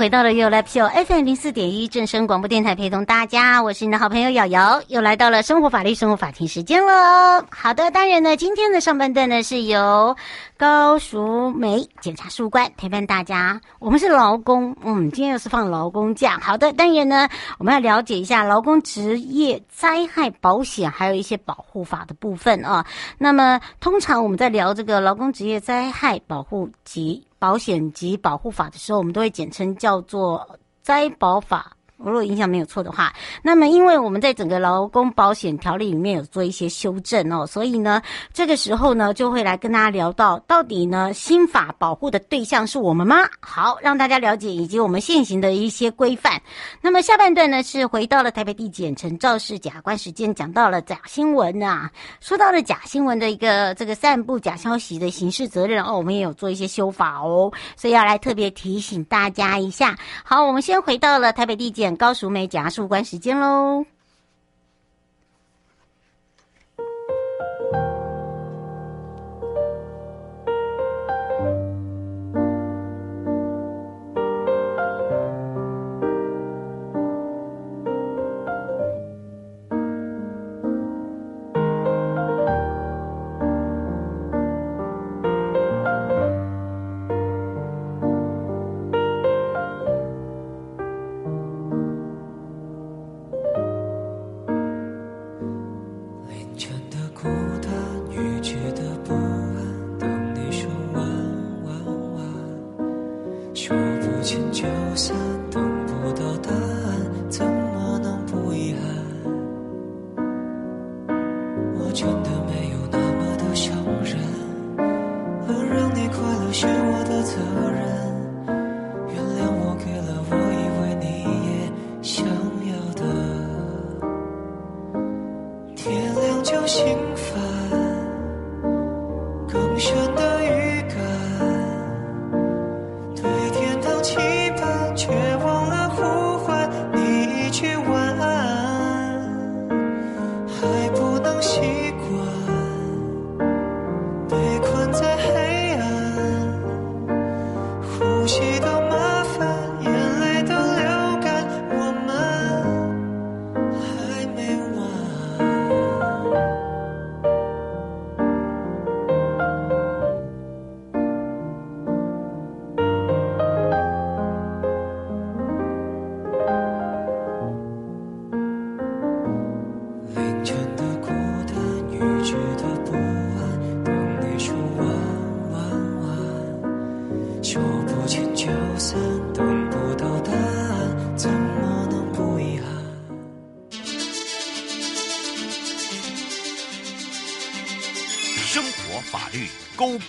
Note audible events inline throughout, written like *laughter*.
回到了又來 P O F M 零四點一正聲廣播電台，陪同大家，我是你的好朋友瑤瑤，又來到了生活法律生活法庭時間嘍。好的，當然呢，今天的上半段呢是由高淑梅檢察事務官陪伴大家。我們是勞工，嗯，今天又是放勞工假。好的，當然呢，我們要了解一下勞工職業災害保險，還有一些保護法的部分啊。那麼，通常我們在聊這個勞工職業災害保護及。保險及保護法的時候，我們都會簡稱叫做“災保法”。如果印象沒有錯的話，那麼因為我們在整個勞工保險條例裡面有做一些修正哦、喔，所以呢，這個時候呢就會來跟大家聊到到底呢新法保護的對象是我們嗎？好，讓大家了解以及我們現行的一些規範。那麼下半段呢是回到了台北地檢，陳肇始檢察官時間，講到了假新聞吶，說到了假新聞的一個這個散布假消息的刑事責任哦、喔，我們也有做一些修法哦、喔，所以要來特別提醒大家一下。好，我們先回到了台北地檢。高淑梅，甲束官時間嘍。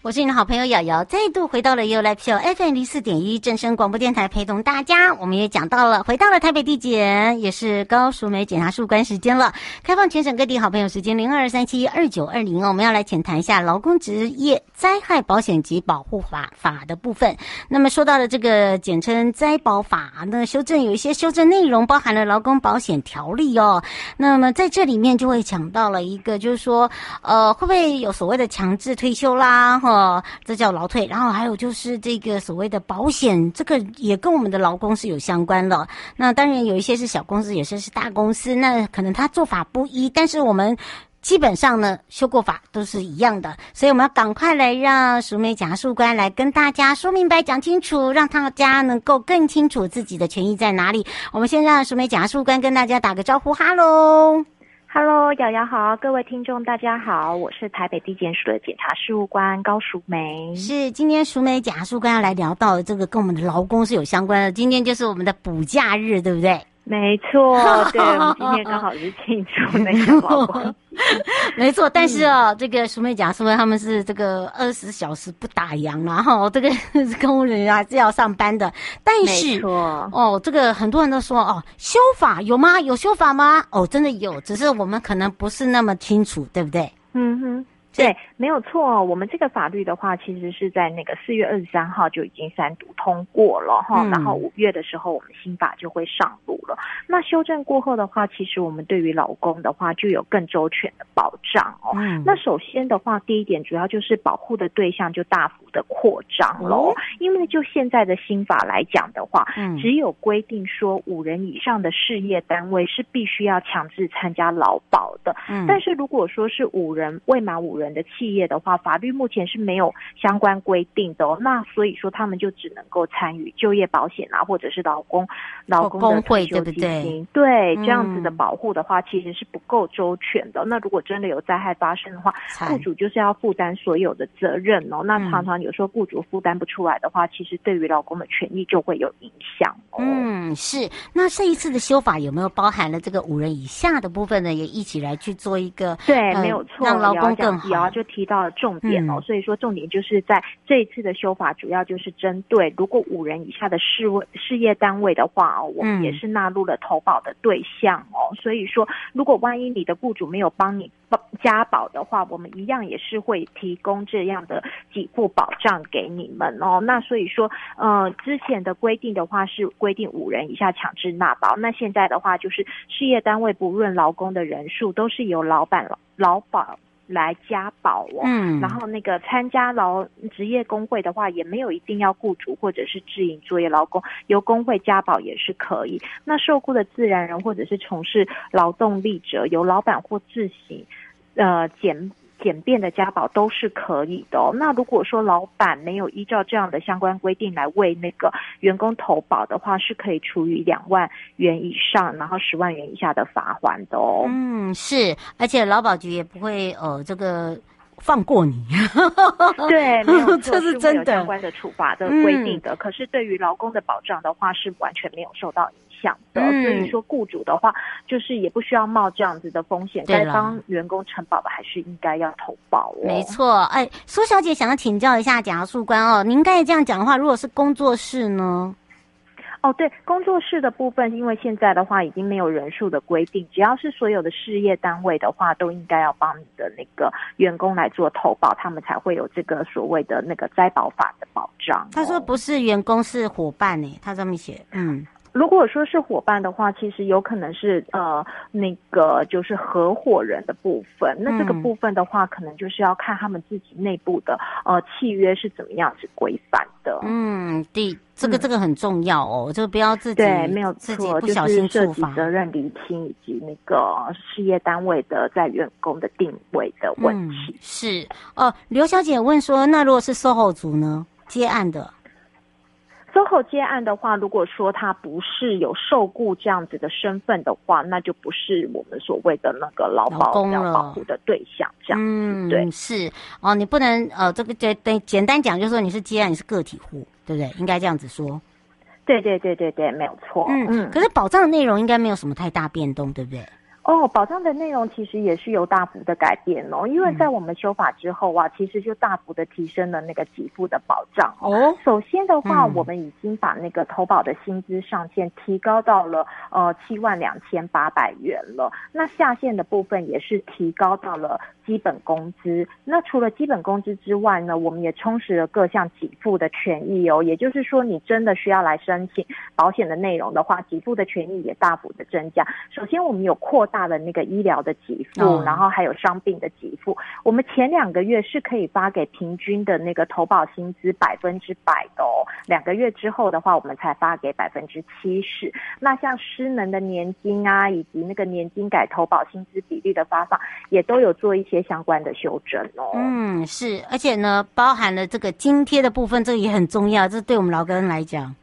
我是你的好朋友瑤瑤，再度回到了 u l i e o FM 零四點一正聲廣播電台，陪同大家。我們也講到了回到了台北地檢，也是高淑梅檢察事務官時間了。開放全省各地好朋友時間零二三七二九二零哦，我們要來淺談一下勞工職業災害保險及保護法法的部分。那麼說到了這個簡稱災保法，那修正有一些修正內容，包含了勞工保險條例哦。那麼在這裡面就會講到了一個，就是說，呃，會不會有所謂的強制退休啦？哦，這叫勞退，然後還有就是這個所謂的保險，這個也跟我們的勞工是有相關的。那當然有一些是小公司，有些是大公司，那可能他做法不一，但是我們基本上呢，修過法都是一樣的。所以我們要趕快來讓淑梅檢事官來跟大家說明白、講清楚，讓大家能夠更清楚自己的權益在哪裡。我們先讓淑梅檢事官跟大家打個招呼，哈嘍。Hello，瑤瑤好，各位聽眾大家好，我是台北地檢署的檢察事務官高淑梅。是，今天淑梅檢察事務官要來聊到這個跟我們的勞工是有相關的，今天就是我們的補假日，對不對？沒錯，對， *laughs* 我們今天剛好是慶祝那個勞工。 *laughs* 沒錯，但是哦，嗯、這個淑梅講說他們是這個二十小時不打烊，啊、然後這個工人還是要上班的，但是哦，這個很多人都說哦，修法有嗎？有修法嗎？哦，真的有，只是我們可能不是那麼清楚，對不對？嗯哼，對。對沒有錯，我們這個法律的話，其實是在那個四月二十三號就已經三讀通過了哈、嗯，然後五月的時候，我們新法就會上路了。那修正過後的話，其實我們對於勞工的話就有更周全的保障哦、嗯。那首先的話，第一點主要就是保護的對象就大幅的擴張咯、哦，因為就現在的新法來講的話、嗯，只有規定說五人以上的事業單位是必須要強制參加勞保的，嗯、但是如果說是五人未滿五人的氣候企業的話，法律目前是沒有相關規定的哦。那所以說，他們就只能夠參與就業保險啊，或者是勞工、勞工退休基金。工會，對不對？對、嗯，這樣子的保護的話，其實是不夠周全的。那如果真的有災害發生的話，雇主就是要負擔所有的責任哦。那常常有時候雇主負擔不出來的話，嗯、其實對於勞工的權益就會有影響、哦。嗯，是。那這一次的修法有沒有包含了這個五人以下的部分呢？也一起來去做一個對、呃，沒有錯，讓勞工。更提到了重點哦，所以說重點就是在這一次的修法，主要就是針對如果五人以下的事業事業單位的話哦，我們也是納入了投保的對象哦。所以說，如果萬一你的雇主沒有幫你保加保的話，我們一樣也是會提供這樣的給付保障給你們哦。那所以說，呃，之前的規定的話是規定五人以下強制納保，那現在的話就是事業單位不論勞工的人數，都是由老板老，老保。來加保哦、嗯，然後那個參加勞職業工會的話，也沒有一定要雇主或者是自營作業勞工，由工會加保也是可以。那受雇的自然人或者是從事勞動力者，由老闆或自行，呃減。簡便的家保都是可以的、哦。那如果說老闆沒有依照這樣的相關規定來為那個員工投保的話，是可以處於兩萬元以上，然後十萬元以下的罰款的哦。嗯，是，而且勞保局也不會呃這個放過你。 *laughs* 對，沒有錯，這是真的。相關的處罰的規定的、的、嗯，可是對於勞工的保障的話，是完全沒有受到影響。想的、嗯，所以說雇主的話，就是也不需要冒這樣子的風險，該幫員工承保的還是應該要投保、哦、沒錯，哎、欸，蘇小姐想要請教一下檢事官哦，您剛才這樣講的話，如果是工作室呢？哦，對，工作室的部分，因為現在的話已經沒有人數的規定，只要是所有的事業單位的話，都應該要幫你的那個員工來做投保，他們才會有這個所謂的那個災保法的保障、哦。他說不是員工是伙伴呢，他上面寫，嗯。如果說是夥伴的話，其實有可能是呃那個就是合夥人的部分。那這個部分的話，嗯、可能就是要看他們自己內部的呃契約是怎麼樣子規範的。嗯，對這個、嗯、這個很重要哦，就不要自己對，沒有錯，自己不小心自己責任釐清以及那個事業單位的在員工的定位的問題。嗯、是哦、呃，劉小姐問說，那如果是 SOHO 族呢？接案的。SOHO 接案的話，如果說他不是有受雇這樣子的身份的話，那就不是我們所謂的那個勞保要保護的對象，這樣子，嗯，對，是哦，你不能呃，這個對對，對，對，簡單講就是說你是接案，你是個體戶，對不對？應該這樣子說。對對對對對，沒有錯。嗯嗯。可是保障的內容應該沒有什麼太大變動，對不對？哦，保障的內容其實也是有大幅的改變哦，因為在我們修法之後啊，其實就大幅的提升了那個給付的保障哦。首先的話，嗯，我們已經把那個投保的薪資上限提高到了呃七萬兩千八百元了，那下限的部分也是提高到了基本工資。那除了基本工資之外呢，我們也充實了各項給付的權益哦，也就是說，你真的需要來申請保險的內容的話，給付的權益也大幅的增加。首先，我們有擴大。大的那個醫療的給付，然後還有傷病的給付，我們前兩個月是可以發給平均的那個投保薪資百分之百的哦，兩個月之後的話，我們才發給百分之七十。那像失能的年金啊，以及那個年金改投保薪資比例的發放，也都有做一些相關的修正哦。嗯，是，而且呢，包含了這個津貼的部分，這個也很重要，這對我們勞工來講。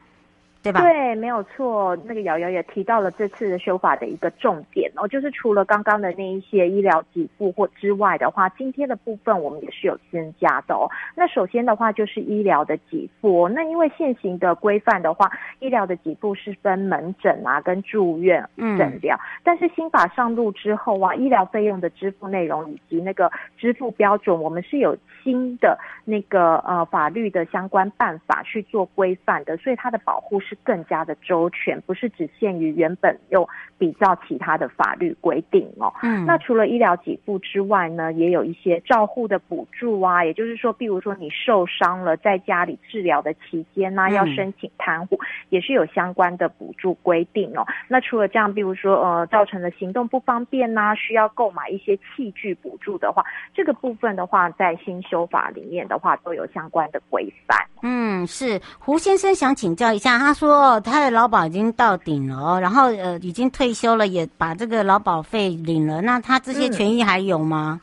對，對，沒有錯。那個瑤瑤也提到了這次的修法的一個重點哦，就是除了剛剛的那一些醫療給付或之外的話，津貼的部分，我們也是有增加的哦。那首先的話就是醫療的給付，那因為現行的規範的話，醫療的給付是分門診啊、跟住院診療、嗯，但是新法上路之後啊，醫療費用的支付內容以及那個支付標準，我們是有新的那個呃法律的相關辦法去做規範的，所以它的保護是。更加的周全，不是只限於原本有，比照其他的法律規定哦，嗯，那除了醫療給付之外呢，也有一些照護的補助啊，也就是說，比如說你受傷了，在家裡治療的期間呢、啊，要申請看護，也是有相關的補助規定哦、嗯。那除了這樣，比如說呃，造成的行動不方便呢、啊，需要購買一些器具補助的話，這個部分的話，在新修法裡面的話都有相關的規範。嗯，是胡先生想請教一下，他說他的勞保已經到頂了，然後呃，已經退。退休了，也把這個勞保費領了，那他這些權益還有嗎？嗯、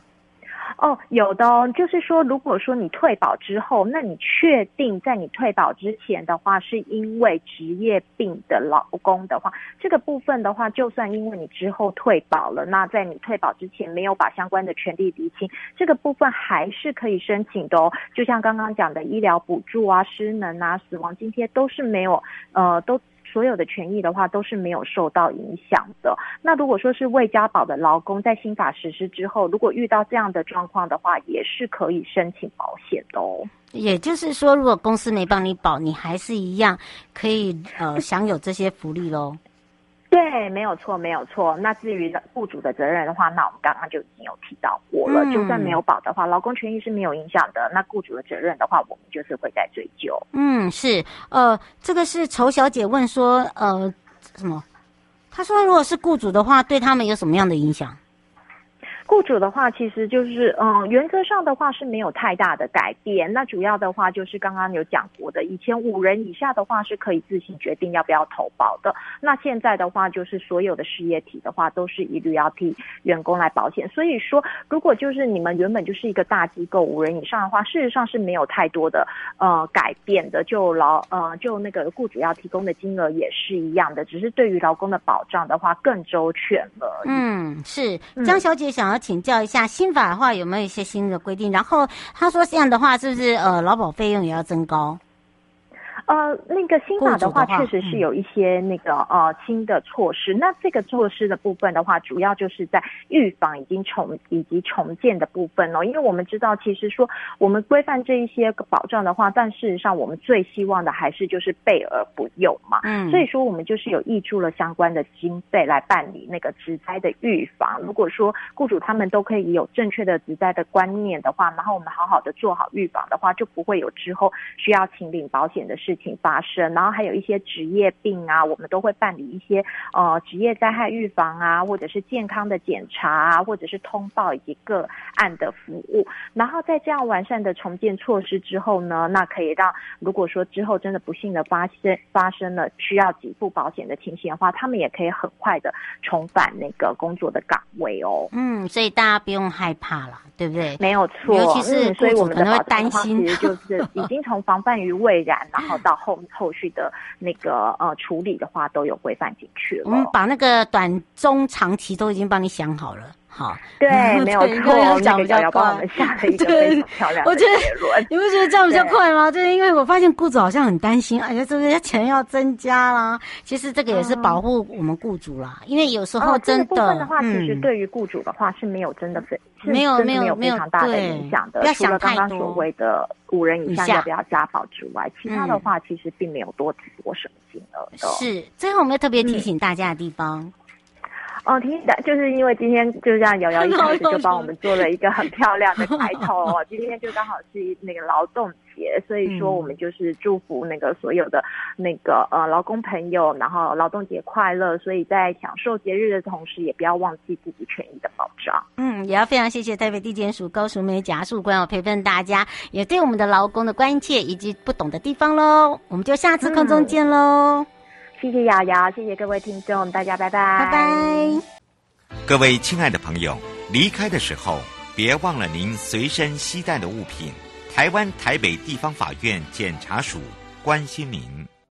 哦，有的、哦，就是說，如果說你退保之後，那你確定在你退保之前的話，是因為職業病的勞工的話，這個部分的話，就算因為你之後退保了，那在你退保之前沒有把相關的權利理清，這個部分還是可以申請的哦。就像剛剛講的醫療補助啊、失能啊、死亡津貼都是沒有，呃，都。所有的權益的話都是沒有受到影響的。那如果說是未加保的勞工在新法實施之後，如果遇到這樣的狀況的話，也是可以申請保險的哦。也就是說，如果公司沒幫你保，你還是一樣可以呃享有這些福利嘍。 *laughs* 對，沒有錯，沒有錯。那至於僱主的責任的話，那我們剛剛就已經有提到過了，嗯。就算沒有保的話，勞工權益是沒有影響的。那僱主的責任的話，我們就是會再追究。嗯，是，呃，這個是仇小姐問說，呃，什麼？她說，如果是僱主的話，對他們有什麼樣的影響？僱主的話，其實就是嗯，原則上的話是沒有太大的改變。那主要的話就是剛剛有講過的，以前五人以下的話是可以自行決定要不要投保的。那現在的話，就是所有的事業體的話，都是一律要替員工來保險。所以說，如果就是你們原本就是一個大機構，五人以上的話，事實上是沒有太多的呃改變的。就勞呃，就那個僱主要提供的金額也是一樣的，只是對於勞工的保障的話更周全了。嗯，是嗯，江小姐想要。請教一下新法的話，有沒有一些新的規定？然後他說這樣的話是不是呃勞保費用也要增高？呃，那個新法的話，的話，確實是有一些那個、嗯、呃新的措施。那這個措施的部分的話，主要就是在預防已經重以及重建的部分哦。因為我們知道，其實說我們規範這一些個保障的話，但事實上我們最希望的還是就是備而不用嘛。嗯，所以說我們就是有挹注了相關的經費來辦理那個職災的預防。如果說雇主他們都可以有正確的職災的觀念的話，然後我們好好的做好預防的話，就不會有之後需要請領保險的事情。事情發生，然後還有一些職業病啊，我們都會辦理一些呃職業災害預防啊，或者是健康的檢查啊，或者是通報以及個案的服務然後在這樣完善的重建措施之後呢，那可以讓如果說之後真的不幸的發生發生了需要給付保險的情形的話，他們也可以很快的重返那個工作的崗位哦。嗯，所以大家不用害怕了，對不對？沒有錯，尤其是、嗯、所以我們的擔心其實就是已經從防範於未然， *laughs* 然後。到後後續的那個呃處理的話，都有規範進去了。我們把那個短、中、長期都已經幫你想好了。好，對，嗯、沒有講比較快，對、那個，漂亮。我覺得，你不覺得這樣比較快嗎？就是因為我發現雇主好像很擔心，哎，呀，就、這、是、個、錢要增加啦。其實這個也是保護我們雇主啦、嗯。因為有時候真的，嗯、哦，這個、部分的話，嗯、其實對於雇主的話是沒有真的非。沒有沒有沒有非常大的影響的。除了剛剛所謂的五人以下，以下，要不要加保之外，其他的話其實並沒有多多省心了。是，最後我們要特別提醒大家的地方。嗯哦、嗯，聽起就是因為今天就像姚瑤瑤一開始就幫我們做了一個很漂亮的開頭、哦。 *laughs* 今天就剛好是那個勞動節，所以說我們就是祝福那個所有的那個、嗯、呃勞工朋友，然後勞動節快樂。所以在享受節日的同時，也不要忘記自己權益的保障。嗯，也要非常謝謝臺北地檢署高淑梅檢察官有陪伴大家，也對我們的勞工的關切以及不懂的地方嘍，我們就下次空中見嘍。嗯謝謝瑤瑤，謝謝各位聽眾，大家拜拜，拜拜。各位親愛的朋友，離開的時候別忘了您隨身攜帶的物品。台灣台北地方法院檢察署關心您。